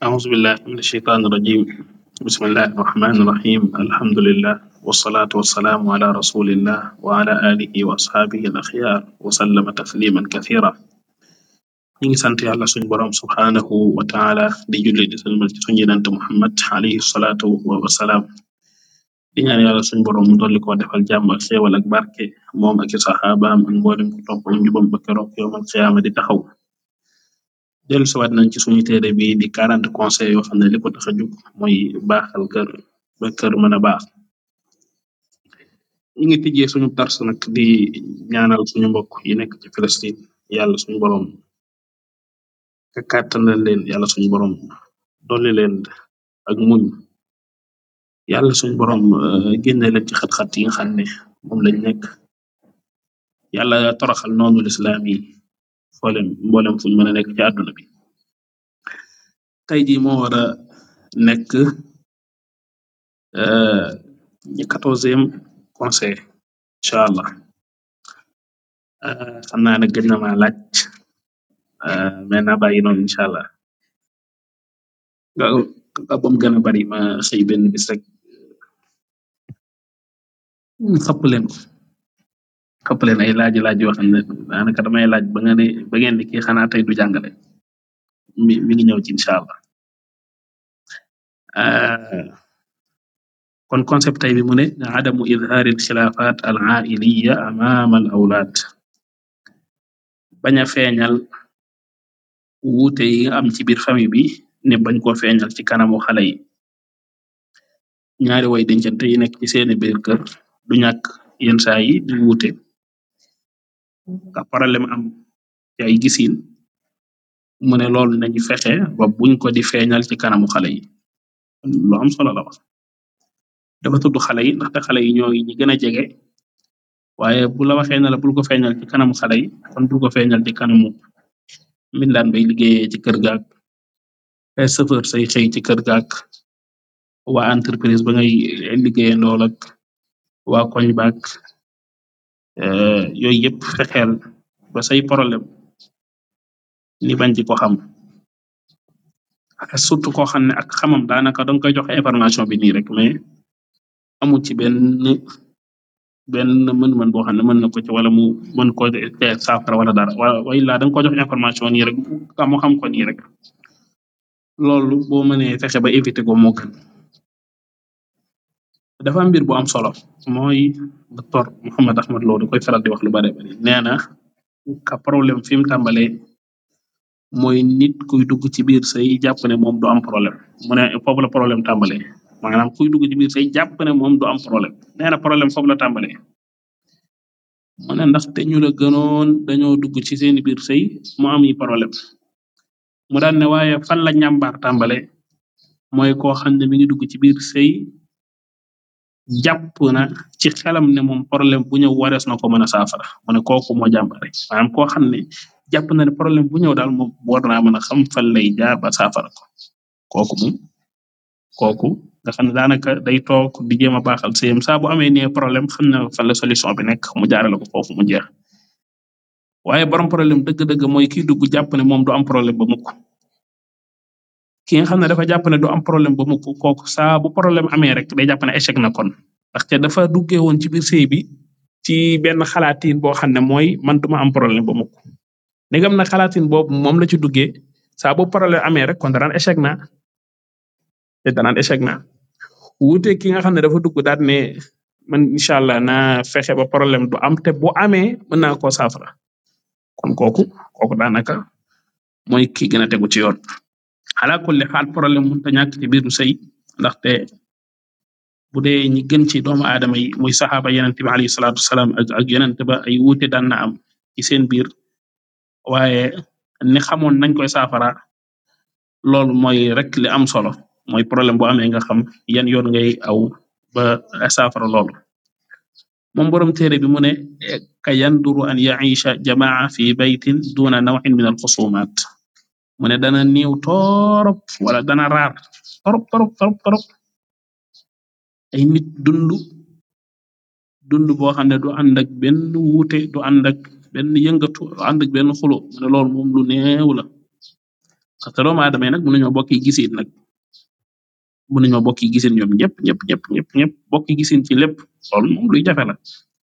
Axusbillahi min asheytaan irajim bismillahi irrahmani irrahim alhamdulilah wasalaatu wasalaamu ala rasulillah wa ala alihi wa asxaabihi al axyaar wasallama ñi ngi sant yàlla suñ borom subxaanahu wa di julli di salmal ci muhammad alayhi salaatu wa wasalaam di suñ boroom mu dolli ko defal jàmm ak xéewal ak barke moom ak i saxaabaam ak mboolem ba keroog yowmal xiyaama di taxaw. dellu siwaat nañ ci suñu teere bi di karant conseil yoo xamne liko taxa jug mooy baaxal kër ba kër mëna baax ñi ngi tijjee suñu tarsanak di ñaanal suñu mbokk yi nekk ci filastin yàlla suñu boroom ka kàttanal leen yàlla suñu boroom dolli leen ak muñ yàlla suñu boroom euh, génne leen ci xat-xat yi xamne moom lañ nekk yàlla toroxal noonu lislaam yi. folem mboolem fuñ mëna nekk ci àdduna bi tey ji moo wara nekk 14eem euh, konsey charla euh, xamnaana gënnama lacc euh, mena bàyyi noon inchala nga bom gëna bari ma xëy benn bis rek xappleen ko. xëpp leen ay laaj laaj yoo xam ne daanaka damay laaj ba nga ne ba ngeen ni kii xanaa tey du jàngale mi mi ngi ñëw ci incha allah ah, kon concept tay bi mu ne adamu idhaari alxilaafat al ailiya amaama al awlaad bañ a feeñal wuute yi am ci biir famille bi ne bañ koo feeñal ci kanamu xale yi ñaari way dencante yi nekk ci seeni biir du ñàkk yenn saa yi di te paralem am ci ay gisiin mu ne loolu nañu fexe ba buñ ko di feeñal ci kanamu xale yi lu am solo la wax dafa tudd xale yi ndaxte xale yi ñooy ñi gëna jege waaye bu la waxee na la bul ko feeñal ci kanamu xale yi kon bul ko feeñal ci kanamu mbindaan bay liggéeyee ci kër gaak sëfër say xëy ci kër gaak waa entreprise ba ngay liggéeyee ndool ak waa koñ baak Euh, yooyu yépp fexeel ba say porolem ni bañ di ko xam sut ko xamne ak xamam daanaka don koy joxe information bi nii rek mais amul ci benn benn mën-mën boo xam ne mën na ko ci wala mu mën ko te saafara wala dara way laa danga ko jox information nii rek amu xam ko nii rek loolu boo mënee fexe ba éviter ko moo dafa am mbir bu am solo mooy docteur Mohamed Ahmed Lo da koy faral di wax lu bare nee na ka problème fi mu tàmbale mooy nit kuy dugg ci biir say jàpp ne moom du am problème mu ne la problème tàmbale maanaam kuy dugg ci biir say jàpp moom du am problème nee problème foofu la tàmbale mu ne te ñu la gënoon dañoo dugg ci seeni biir sëy mu am problème mu daan ne waaye fan la ñàmbaar tàmbale mooy koo xam ne mi ngi dugg ci biir sëy jàpp na ci xelam ne moom problème bu ñëw warees na ko mën a saafara mu ne kooku moo jàmbare maanaam koo xam ne jàpp na ne problème bu ñëw daal moom war naa mën a xam fan lay jaar ba saafara ko kooku moom kooku nga xam ne daanaka day toog di jéem a baaxal sëyam saa bu amee nee problème xam na fan la solution bi nekk mu jaarale ko foofu mu jeex waaye borom problème dëgg-dëgg mooy kiy dugg jàpp ne moom du am problème ba mukk ki nga xam ne dafa jàpp ne du am problème ba mukk kok saa bu problème amee rek day jàpp ne échec na kon ndaxte dafa duggee woon ci biir sëy bi ci benn xalaatin boo xam ne mooy man duma am problème ba mukk ndegam na xalaatin boobu moom la ci duggee saa bu problème amee rek kon danaan échec na te danaan échec na wuute ki nga xam ne dafa dugg daal ne man incha allah naa fexe ba problème du am te bu amee mën naa koo saafara kon kooku kooku daanaka mooy ki gën a tegu ci yoon. alaakulli xaal problème mënta ñàkk ci biiru sëy ndaxte bu dee ñi gën ci doomu aadama yi muy saxaaba yenent bi alayhi salaatu salaam ba ay wuute daan na am ci seen biir waaye ni xamoon nañ koy saafara loolu mooy rek li am solo mooy problème bu amee nga xam yan yoon ngay aw ba saafara loolu moom boroom téere bi mu ne ka yanduru an yaisha jamaa fi baytin duna nawin min alxusumaat mu ne dana niiw torop wala dana raar torop torop torop torop ay nit dund dund boo xam ne du àndak benn wuute du àndak benn yëngatu du benn xulo mu ne moom lu neew la parce que doomu aadama yi nag mënuñoo bokki gisiin nag mënuñoo bokki giseen ñoom ñëpp ñëpp ñëpp ñëpp ñëpp bokki giseen ci lépp luy jafe la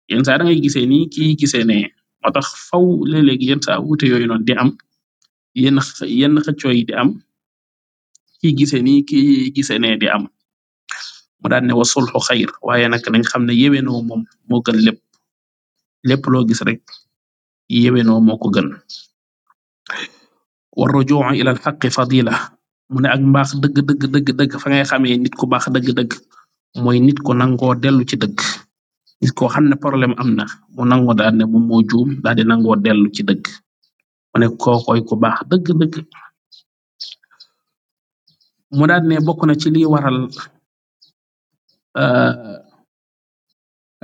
yenn saa da ngay gisee nii kii gisee nee moo tax faw léeg-léegi yenn saa wuute yooyu noonu di am. yenn yenn xëccoo yi di am ki gise ni ki gise ne am mu daan ne wa sulxu xayr waaye nak nañ xam ne yewenoo moom moo gën lépp lépp loo gis rek yewenoo moo ko gën wa rujuu ila al xaqi fadila mu ne ak mbaax dëgg dëgg dëgg dëgg fa nit ku baax dëgg dëgg mooy nit ku nangoo dellu ci dëgg nit koo xam ne problème am na mu nangoo daal ne moom moo juum daal di nangoo dellu ci dëgg mu ne ku baax dëgg dëgg mu daat ne bokk na ci li waral euh,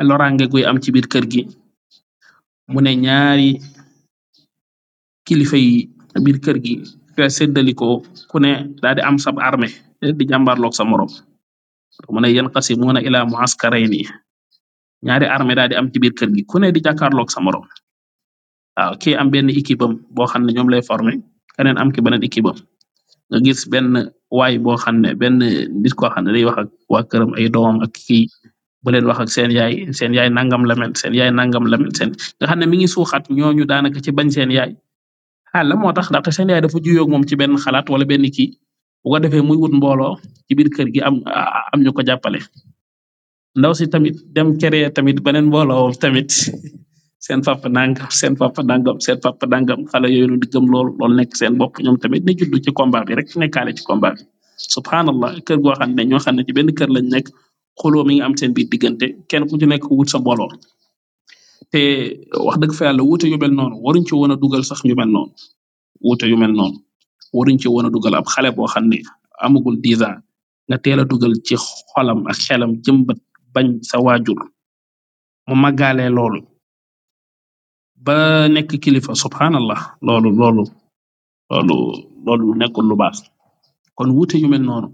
lorange guy am ci biir kër gi mu ne ñaari kilifa yi biir kër gi ka seddalikoo ku ne daa am sab arme di jàmbarloog sa moroom mu ne yanqasimuuna ila muaskarayn ñaari arme daa di am ci biir kër gi ku ne di jàkkaarloog sa moroom. waaw ki am benn équipe am boo xam ne ñoom lay former keneen am ki beneen équipe am nga gis benn waay boo xam ne ben nit koo xam ne lay wax ak waa këram ay doomam ak kii bu leen wax ak seen yaay seen yaay nangam la mel seen yaay nangam la mel seen nga xam ne mi ngi suuxat ñooñu daanaka ci bañ seen yaay ah la moo tax ndaxte seen yaay dafa juyoog moom ci benn xalaat wala benn kii bu ko defee muy wut mbooloo ci biir kër gi am am ñu ko jàppale. si tamit dem créer tamit beneen mbooloo tamit seen papa nangam seen papa nangam seen papa nangam xale yooyu noonu di gëm loolu nekk seen bokk ñoom tamit ne juddu ci combat bi rek nekkaale ci combat bi subhanallah kër goo xam ne ñoo xam ne ci benn kër lañ nekk xoloo mi nga am seen biir diggante kenn ku ci nekk wut sa mbooloo te wax dëgg fa yàlla wuute yu mel noonu waruñ ci woon a dugal sax yu mel noonu wuute yu mel noonu waruñ ci woon a dugal ab xale boo xam ne amagul dix ans nga teel a dugal ci xolam ak xelam jëmbat bañ sa waajur mu màggaalee loolu ba nekk kilifa subhanallah loolu loolu loolu loolu nekkul lu baax kon wuute yu mel noonu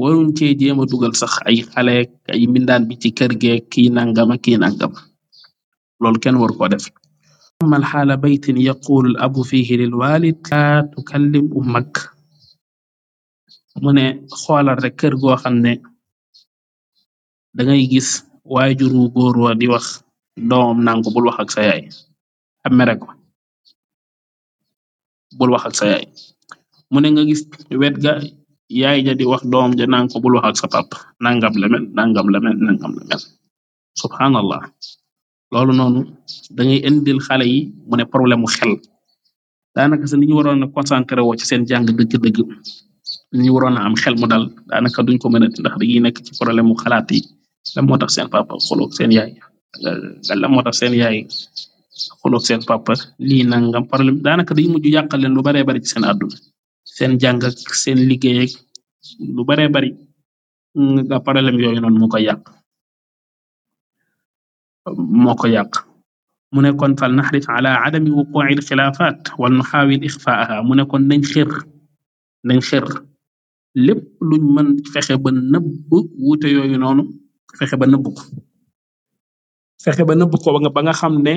waruñ cee jéem a dugal sax ay xale ay mbindaan bi ci kër geeg kii nangam ak kii nangam loolu kenn waru koo def amal xaala baytin yaqulu al abu fihi lil walid laa tukallim ummak mu ne xoolal rek kër goo xam ne dangay gis waajuru góor wa di wax doom nangu bul wax ak sa ab mere bul wax ak sa yaay mu ne nga gis wet ga yaay ja di wax doom ja naan ko bul wax ak sa pap nangam la mel nangam la mel nangam la subhanallah loolu noonu dangay indil xale yi mu ne problème mu xel daanaka sa ni ñu waroon a woo ci seen jàng dëgg-dëgg ni ñu waroon a am xel mu dal daanaka duñ ko mënati ndax dañuy nekk ci problème mu xalaat yi moo tax seen papa xoloo seen yaay lan moo seen yaay xuloog seen papa lii nangam problème daanaka day mujj yàqal leen lu baree bari ci seen àdduna seen jàng seen liggéey ak lu baree bari nga problème yooyu noonu moo koy yàq moo ko yàq mu ne kon fal naxrif ala adami wuquci alxilaafaat wal nuxaawil ixfaaha mu ne kon nañ xër nañ xër lépp luñ mën fexe ba nëbb wuute yooyu noonu fexe ba nëbb fexe ba nëbb ko ba xam ne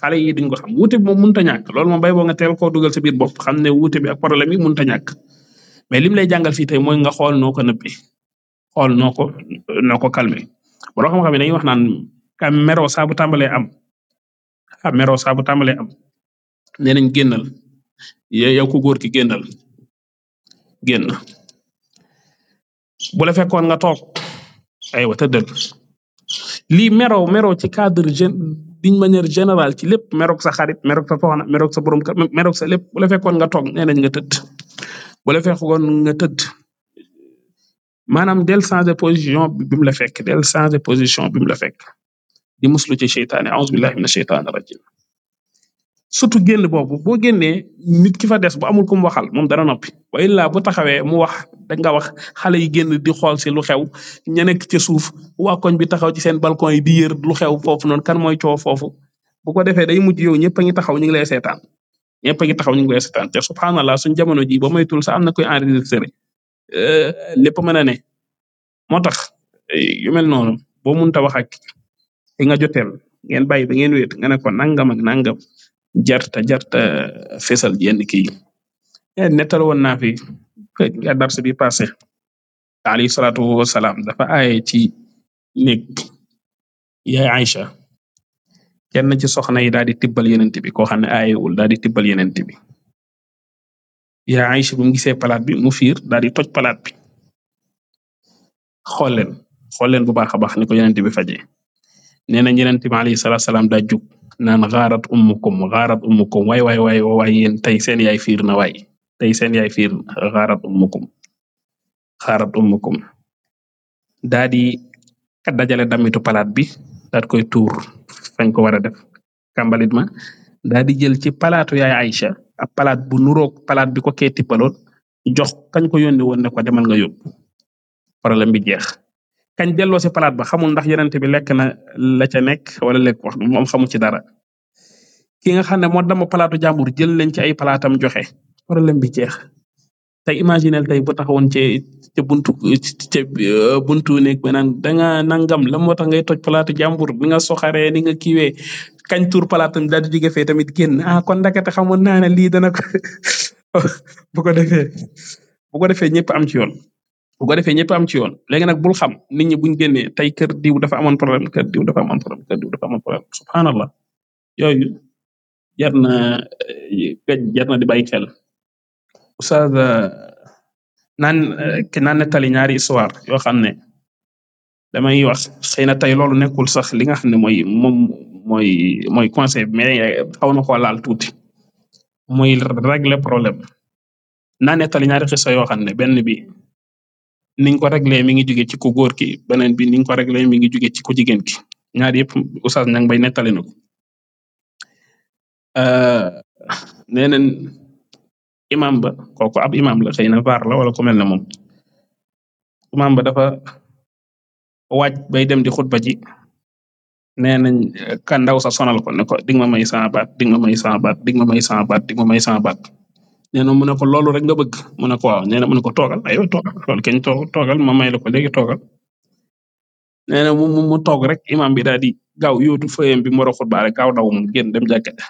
xale yi duñ ko xam wuute bi moom mënta ñàkk loolu boo nga teel koo dugal sa biir bopp xam ne wuute bi ak problème yi mënta ñàkk mais lim lay jàngal fii tey mooy nga xool noo ko nëbbee xool noo ko noo ko calmer borom xam-xam yi dañuy wax naan ka meroo saa bu am a meroo saabu bu tàmbalee am nee nañ génnal yow ku góor ki génnal génn bu la fekkoon nga toog aywa tëddal lii meroo meroo ci cadre jeune d'une manière générale ci lépp meroog sa xarit meroog sa soxna meroog sa borom kër meroog sa lépp bu la fekkoon nga toog nee nga tëdd bu la fekkoon nga tëdd maanaam del changer position bi mu la fekk del changer position bi mu la fekk di muslu ci seytaane a'udhu billahi minash shaytanir rajim surtout génn boobu boo génnee nit ki fa des bo amul ku mu waxal moom dana noppi waaye illaa bu taxawee mu wax da nga wax xale yi génn di xool si lu xew ña nekk ca suuf waa koñ bi taxaw ci seen balcon yi di yër lu xew foofu noonu kan mooy coow foofu bu ko defee day mujj yow ñëpp a ngi taxaw ñu ngi lay seetaan ñëpp a ngi taxaw ñu ngi lay seetaan te subhanallah suñ jamono ji ba moytul sa am na koy enregistré euh, lépp mën a ne moo tax yu mel noonu boo mënta wax ak ki nga joteel ngeen bàyyi ba ngeen wéet nga ne ko nangam ak nangam jarta jarta eh, feesal yenn ki eh, nettal woon na fi nga dars bi passé alayhi salaatu wasalaam dafa aaye ci néeg yaay Aisha kenn ci soxna yi daal di tibbal yenent bi ko xam ne aayewul daal di tibbal yenent bi ya Aisha bu mu gisee palaat bi mu fiir daal di toj palaat bi xool leen leen bu baax a baax ni ko yenent bi fajee nee na yenent salaam alayhi salaatu daa jug. naan xaarat ummukum xaarat ummukum waay waay waay waay yéen tey seen yaay fiir na waay tey seen yaay fiir na xaarat ummukum xaarat ummukum daa di dajale damitu palaat bi daat koy tuur fañ ko war a def kambalit ma daa di jël ci palaatu yaay Aïcha a palaat bu nuroog palaat bi ko kee tippaloon jox kañ ko yónni woon ne ko demal nga yóbbu problème bi jeex kañ delloo si palaat ba xamul ndax yonent bi lekk na la ca nekk wala lekk wax moom xamul ci dara ki nga xam ne moo dama palaatu jàmbur jël leen ci ay palaatam joxe problème bi jeex tey imaginel tey bu taxawoon ci ca buntu ca euh, buntu nekk ba naan danga nangam la moo tax ngay toj palaatu jàmbur ni nga soxaree ni nga kiiwee kañ tuur palaatam daal di jóge fee tamit génn ah kon ndakate xamoon naa ne lii dana ko bu ko defee bu ko defee ñëpp am ci yoon. bu ko defee ñëpp am ci yoon léegi nag bul xam nit ñi buñ génnee tey kër diw dafa amoon problème kër diw dafa amoon problème kër diw dafa amoon problème subhanallah yooyu jar na eh, jar na di bàyyi xel oustaz eh, naan eh, naan nettali ñaari histoire yoo xam ne damay wax xëy na tey loolu nekkul sax li nga xam ne mooy moom mooy mooy conseil mais xaw na ko laal tuuti muy régler problème naan nettali ñaari xisa yoo xam ne benn bi niñ ko réglé mi ngi jóge ci ku góor ki beneen bi niñ ko réglé mi ngi jóge ci ku jigéen ki ñaar yëpp Oustaz Niang Baye nettali na ko euh, nee neen imam ba kooku ab imam la xëy na vaar la wala ku mel ne moom imam ba dafa waaj bay dem di xutba ji nee nañ ka ndaw sa sonal ko ne ko dig ma may sama baat dig ma may sama baat dig ma may sama baat ma may baat nee na mu ne ko loolu rek nga bëgg mu ne ko waaw na mu ne ko toogal aywa toogal loolu kenn too toogal ma may la ko léegi toogal nee mu toog rek ima bi daal di gaaw yóotu fëyam bi mu war a xutba rek daw mu génn dem jàkka ja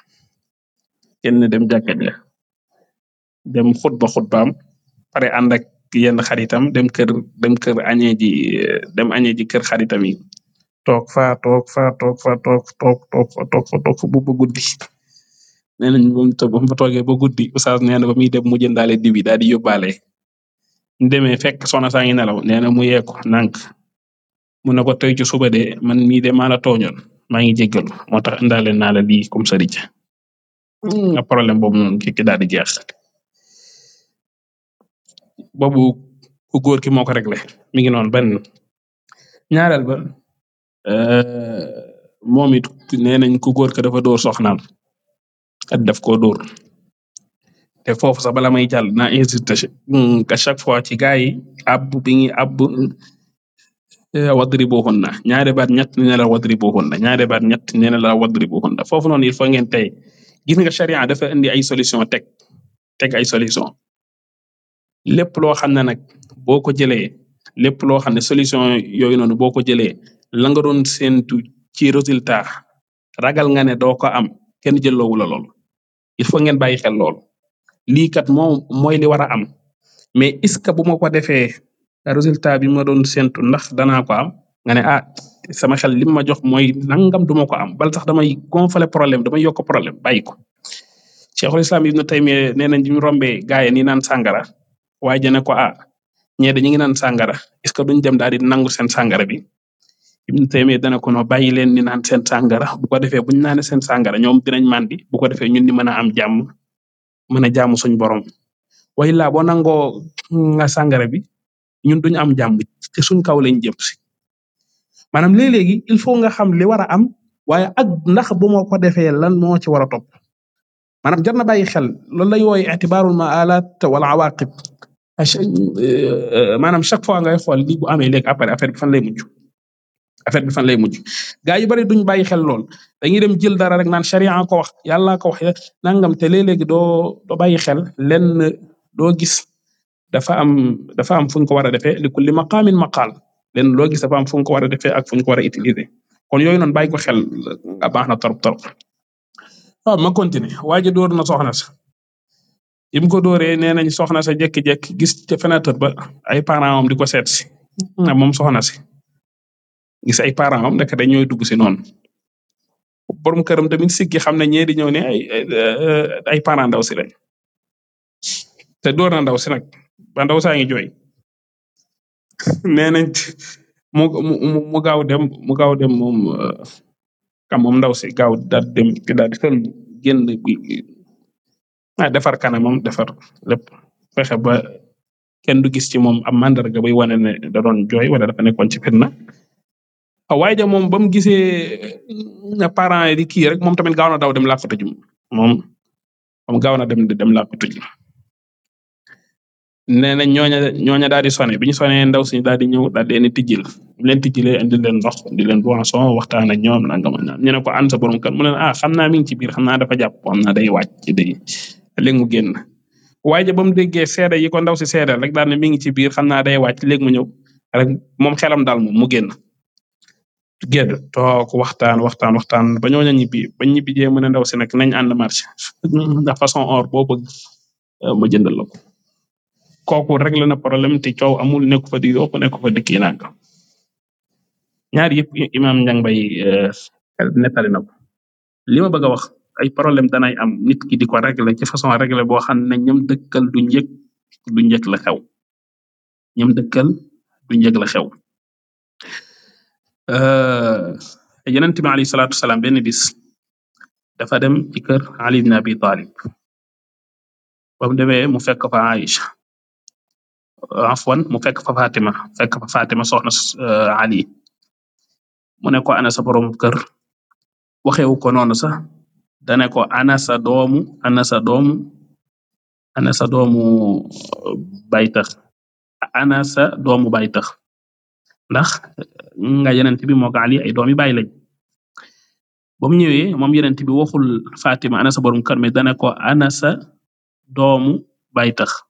génn dem jàkka ja dem xutba xutbaam pare ànd ak yenn xaritam dem kër dem kër añee ji dem añee ji kër xaritam yi toog fa toog fa toog toog toog fa toog fa toog fa bu nee nañ ba mu ba mu fa toogee ba guddi oustaz nee na ba muy dem mu jëndaale diw yi daal di yóbbaale. mu fekk soxna saa ngi nelaw nee na mu yee ko ne ko tey ci suba de man mii de maa la tooñoon maa ngi jéggalu moo tax indaale naa la lii comme sëriñ hmm. nga problème boobu ki daal di jeex. boobu ku góor ki moo ko réglé mi ngi noonu benn ñaareel ba euh, moom it nee nañ ku góor ka dafa dóor soxnaam kat daf koo dóor te foofu sax bala may jàll naa insister à hmm, chaque fois ci gaa yi àbb bi ñuy àbb eh, wadribuhunna ñaari baat ñett nee na la wadribuhunna ñaari baat ñett nee na la wadribuhunna foofu noonu il faut ngeen tey gis nga charia dafa indi ay solution teg teg ay solution lépp loo xam ne nag boo ko jëlee lépp loo xam ne solution yooyu noonu boo ko jëlee la nga doon séentu ci résultat ragal nga ne doo ko am kenn jëlloowu la lool il faut ngeen bàyyi xel lool lii kat moom mooy li war a am mais est ce que bu ma ko defee résultat bi ma doon séntu ndax danaa ko am nga ne ah sama xel li ma jox mooy nangam duma ko am bal sax damay gonfale problème damay yokk problème bàyyi ko. cheikhul islam ibnu taymiya nee nañ rombe rombee gaay ni naan sangara waaye jane ko ah ñee dañu ngi naan sàngara est ce que duñ dem daal di nangu seen sangara bi Ibnu Taymiya dana ko no bàyyi leen ni naan seen sàngara bu ko defee buñ naane seen sàngara ñoom dinañ màndi bu ko defee ñun ni mën a am jàmm mën a jaamu suñ borom way laa boo nangoo nga sàngara bi ñun duñu am jàmm ci suñ kaw lañ jëm si maanaam léeg-léegi il faut nga xam li war a am waaye ak ndax bu ma ko defee lan moo ci war a topp maanaam jar na bàyyi xel loolu lay wooy itibaarul maalat wala awaqib maanaam chaque fois ngay xool li bu amee léegi après affaire bi fan lay mujj affaire bi fan lay mujj gaa yu bari duñ bàyyi xel lool dañuy dem jël dara rek naan charia ko wax yàlla ko wax ya nangam te léeg-léegi doo doo bàyyi xel lenn doo gis dafa am dafa am fu ko war a defee li kulli maqaamin maqaal lenn loo gis dafa am fu ko war a defee ak fu ko war a utiliser kon yooyu noonu bàyyi ko xel nga baax na torop torop ah, ma continuer waa ji dóor na soxna sa bi mu ko dóoree nee nañ soxna sa jekki gis ca fenêtre ba ay parents am di ko seet si hmm. ah, moom soxna si gis ay parent am ndekete ñooy dugg si noonu borom këram tamit siggi xam ne ñee di ñëw ne ay ay ndaw si lañ te door na ndaw si nag ba ndaw saa ngi jooy nee nañ mu mu mu gaaw dem mu gaaw dem moom kam moom ndaw si gaaw daal dem daal di sol génn bi ah defar kanamam defar lépp fexe ba kenn gis ci moom am mandarga buy wane ne da jooy wala dafa nekkoon ci fitna. Ah, waaye ja moom ba mu gisee eh, parents yi di kii rek moom tamit gaaw na daw dem làqatu ji moom moom gaaw na dem dem làqatu ji nee na ñooña ñooña daal di sonné bi ñu sonné ndaw si daal di ñëw daal di leen tijjil bu leen tijjilee indi leen ndox indi leen boisson waxtaan ak ñoom nangam ñu ne ko ànd sa borom kan mu ne ah, xam naa mi ngi ci biir xam na dafa jàpp xam naa day wàcc mu génn waaye ja ba mu déggee seede yi ko ndaw si seede rek daal mi ngi ci biir xam naa day wàcc léegi mu ñëw rek moom xelam daal moom mu génn. together toog waxtaan waxtaan waxtaan ba ñooña ñibbi ba ñibbi jee mën a ndaw si nag nañ ànd marché ndax façon or boo bëgg euh, ma jënd la ko kooku réglé na problème ti coow amul nekku fa di yokk nekku fa di kii nag ñaar yëpp imaam njang bay euh, nettali na ko li ma bëgg wax ay problème danay am nit ki di ko réglé ci façon réglé boo xam ne ñoom dëkkal duñ yëg duñ yëg la xew ñoom dëkkal duñ yëg la xew %e Yonent bi alayhi salaatu wasalaam benn bis dafa dem ci kër Ali bin Abi Talib bam demee mu fekk fa Aisha afwan mu fekk fa Fatima fekk fa Fatima soxna euh, Ali mu ne ko ana sa boroom kër waxewu ko noonu sax dane ko ana sa doomu ana sa doomu ana sa doomu euh, baytax sa doomu baytax. ndax nga yenent bi moo ko Ali ay doomi bay lañ ba mu ñëwee moom yenent bi waxul Fatima ana sa borom kër mais dana ko ana sa doomu baay tax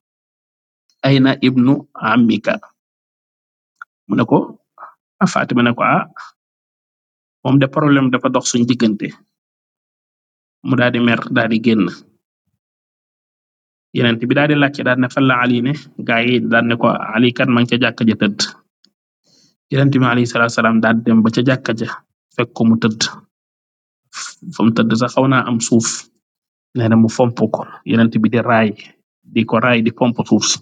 na ibnu amika mu ne ko ah, Fatima ne ko ah de problème dafa dox suñ diggante mu daal di mer daal di génn yenent bi daal di laajte daal ne fan la Ali ne gaa yi daal ne ko Ali kat ma ngi ca jàkk ja tëdd Yonent bi alayhi salaam daat dem ba ca jàkka ja fekk ko mu tëdd fam tëdd sax xawna am suuf neena mu fomp ko yonent bi di raay di ko raay di fomp suuf si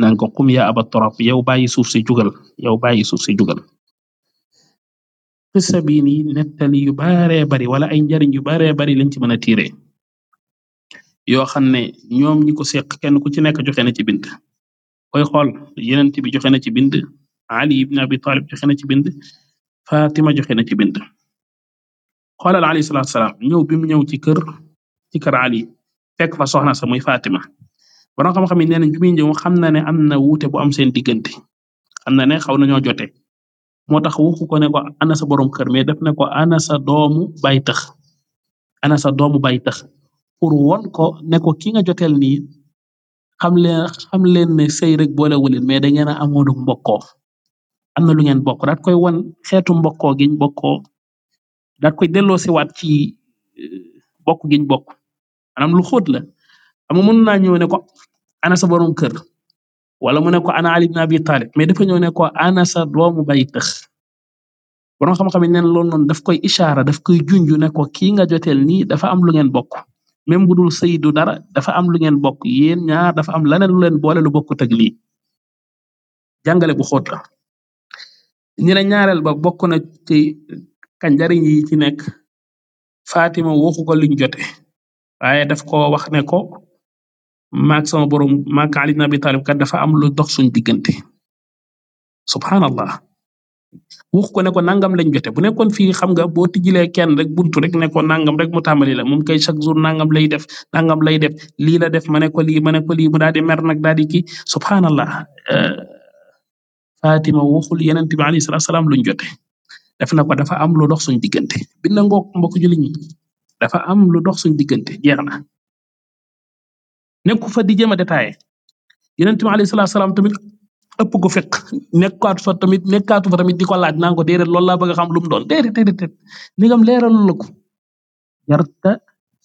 nan ko qum ya Aba Turab yow bàyyi suuf si jugal yow bàyyi suuf si jugal. Qissa bi ni yu baaree bari wala ay njariñ yu baaree bari lañ ci mën a tiire yoo xam ne ñoom ñi ko seq kenn ku ci nekk joxe na ci bind koy xool yonent bi joxe na ci bind. Ali ibn Abi Talib joxe na ci bind Fatima joxe na ci bind xoolal alayhi salaatu salaam ñëw bi mu ñëw ci kër ci kër Ali fekk fa soxna sa muy Fatima borom xam-xam yi nee nañ bi muy ñëw xam na ne am na wuute bo am seen diggante xam na ne xaw nañoo jote moo tax waxu ko ne ko ana sa borom kër mais def na ko ana sa doomu bay tax ana sa doomu bay tax pour won ko ne ko ki nga joteel nii xam le xam leen ne sëy rek boole wuleen mais da ngeen a amoon mbokkoo am na lu ngeen bokk daat koy wan xeetu mbokkoo giñ bokkoo daat koy delloo siwaat ci eh, bokk giñ bokk maanaam lu xóot la ama mën naa ñëw ne ko ana sa borom kër wala mu ne ko ana Ali ibn Abi mais dafa ñëw ne ko ana sa doomu bay tëx borom xam-xam yi neen loolu daf koy ishaara daf koy junj ne ko kii nga joteel nii dafa am lu ngeen bokk même bu dul sëy dara dafa am lu ngeen bokk yéen ñaar dafa am leneen lu leen boole lu bokkut ak lii bu xóot ñi na ñaareel ba bokk na ci ka njariñ yi ci nekk faatima waxu ko liñ jote waaye daf ko wax ne ko maag sama boroom maag Ali ibn Abi Talib kat dafa am lu dox suñ diggante subhanallah wax ko ne ko nangam lañ jote bu nekkoon fii xam nga boo tijjilee kenn rek buntu rek ne ko nangam rek mu tàmbali la moom kay chaque jour nangam lay def nangam lay def lii la def ma ne ko lii ma ne ko lii mu daal di mer nag daal di kii subhanallah euh, Fatima waxul yenent bi alayhi salaatu salaam luñ jote def na ko dafa am lu dox suñ diggante bi na mbokk jullit ñi dafa am lu dox suñ diggante jeex na nekku fa di jéem a détaillé yenent bi alayhi salaatu salaam tamit ëpp ko fekk nekkaatu fa tamit nekkaatu fa tamit di ko laaj naa ko loolu laa bëgg a xam lu mu doon déedéet déedéet déedéet nigam leeralul la ko jarta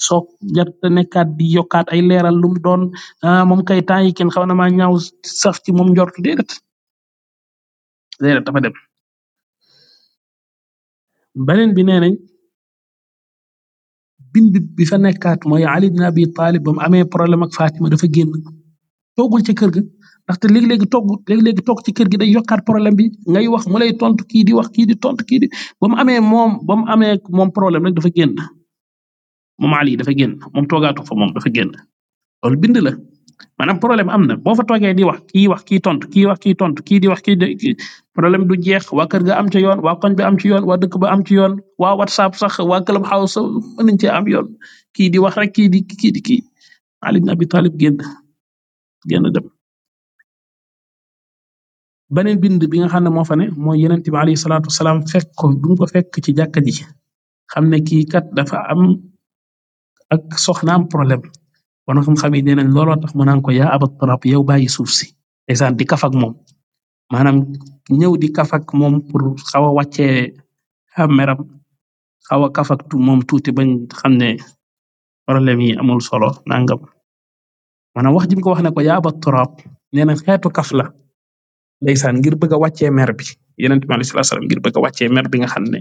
soog jarta nekkaat di yokkaat ay leeral lu mu doon ah, moom kay temps yi kenn xaw na maa ñaaw sax ci moom njort nee na dafa dem beneen bi nee nañ bind bi fa nekkaat mooy Ali ibn Abi Talib ba mu amee problème ak Fatima dafa génn toogul ci kër ga ndaxte léegi-léegi toog léegi-léegi toog ci kër gi day yokkaat problème bi ngay wax mu lay tontu kii di wax kii di tontu kii di ba mu amee moom ba mu amee moom problème rek dafa génn moom Ali dafa génn moom toogaatu fa moom dafa génn loolu bind la. maanaam problème am na boo fa toogee di wax kii wax kii tontu kii wax kii tont kii di wax kii di problème du jeex wa kër ga am ci yoon waa koñ bi am ci yoon waa dëkk ba am ci yoon waa whatsapp sax waa club house mën nañ cee am yoon kii di wax rek kii di kii di na Ali ibn Abi Talib génn génn dem beneen bind bi nga xam ne moo fa ne mooy yonent bi alayhi salaatu wasalaam fekk ko bu mu ko fekk ci jàkka ji xam ne kii kat dafa am ak soxnaam problème kon xam-xam yi nee nañ looloo tax mu naan ko yaa abat turab yow bàyyi suuf si ndeysaan di kafak moom maanaam ñëw di kafak moom pour xaw a wàccee xàmmeram xaw a kafak tu moom tuuti bañ xam ne problème yi amul solo nangam maanaam wax ji mu ko wax ne ko yaa abat turab nee na xeetu kaf la ndeysaan ngir bëgg a wàccee mer bi yonent bi alayhi salaam ngir bëgg a wàccee mer bi nga xam ne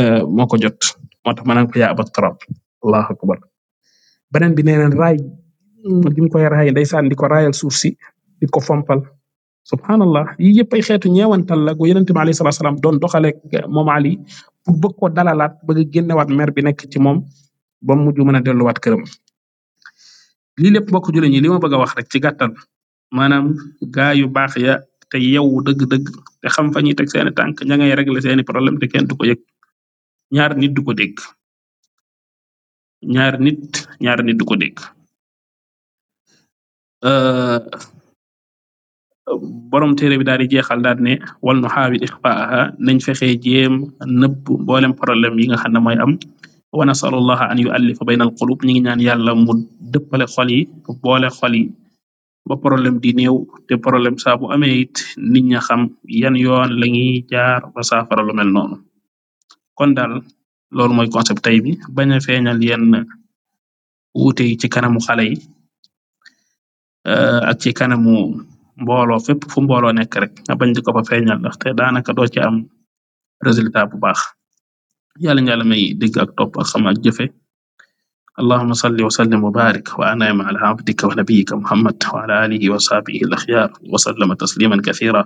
euh, moo ko jot moo tax ma naan ko yaa abat beneen bi nee na raay gi mm. mu koy raay ndeysaan di ko raayal suuf si di ko fompal subhanallah yii yëpp ay xeet ñeewantal la gu yonente bi alayhi salatu salaam doon doxalee moom Ali pour bëgg ko dalalaat bëgg génnewaat mer bi nekk ci moom ba mu mujj mën a delluwaat këram. lii lépp bokk jullit ñi li ma bëgg a wax rek ci gàttal maanaam gaa yu baax ya te yeewu dëgg-dëgg te xam fa ñuy teg seeni tànk ña ngay régler seeni problème te ken du ko yëg ñaar nit du ko dégg. ñaar nit ñaar nit du ko dégg euh, borom téere bi daal di jeexal daal ne wal nu xaawil ixfaaha nañ fexe jéem nëbb mboolem problème yi nga xam ne mooy am wa nasalullaha an yuallifa bayna al qulub ñi ngi ñaan yàlla mu dëppale xol yi boole xol yi ba problème di néew te problème saa bu amee it nit ña xam yan yoon lañuy jaar ba saafara lu mel noonu loolu mooy concept tey bi a feeñal yenn wuute yi ci kanamu xale yi euh, ak ci kanamu mbooloo fepp fu mbooloo nekk rek nga bañ di ko fa feeñal ndaxte daanaka doo ci am resultat bu baax yàlla njàla may digg ak topp ak xam ak jëfe allahuma salli wa sallim wa barik wa an'im ala abdika wa nabiyika muhammad wa ala alihi wa sahbihi al axyaar wa sallama tasliman kathira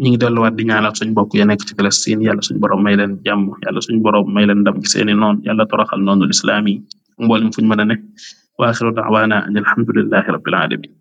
ñi ngi delluwaat di ñaanal suñ bokk ya nekk ci Palestine yàlla suñ boroom may leen jàmm yàlla suñ boroom may leen ndam ci seeni noon yàlla toroxal noonul islaam yi mboolem fuñ mëna ne waaxiru da'waana anil hamdulillahi rabbil alamin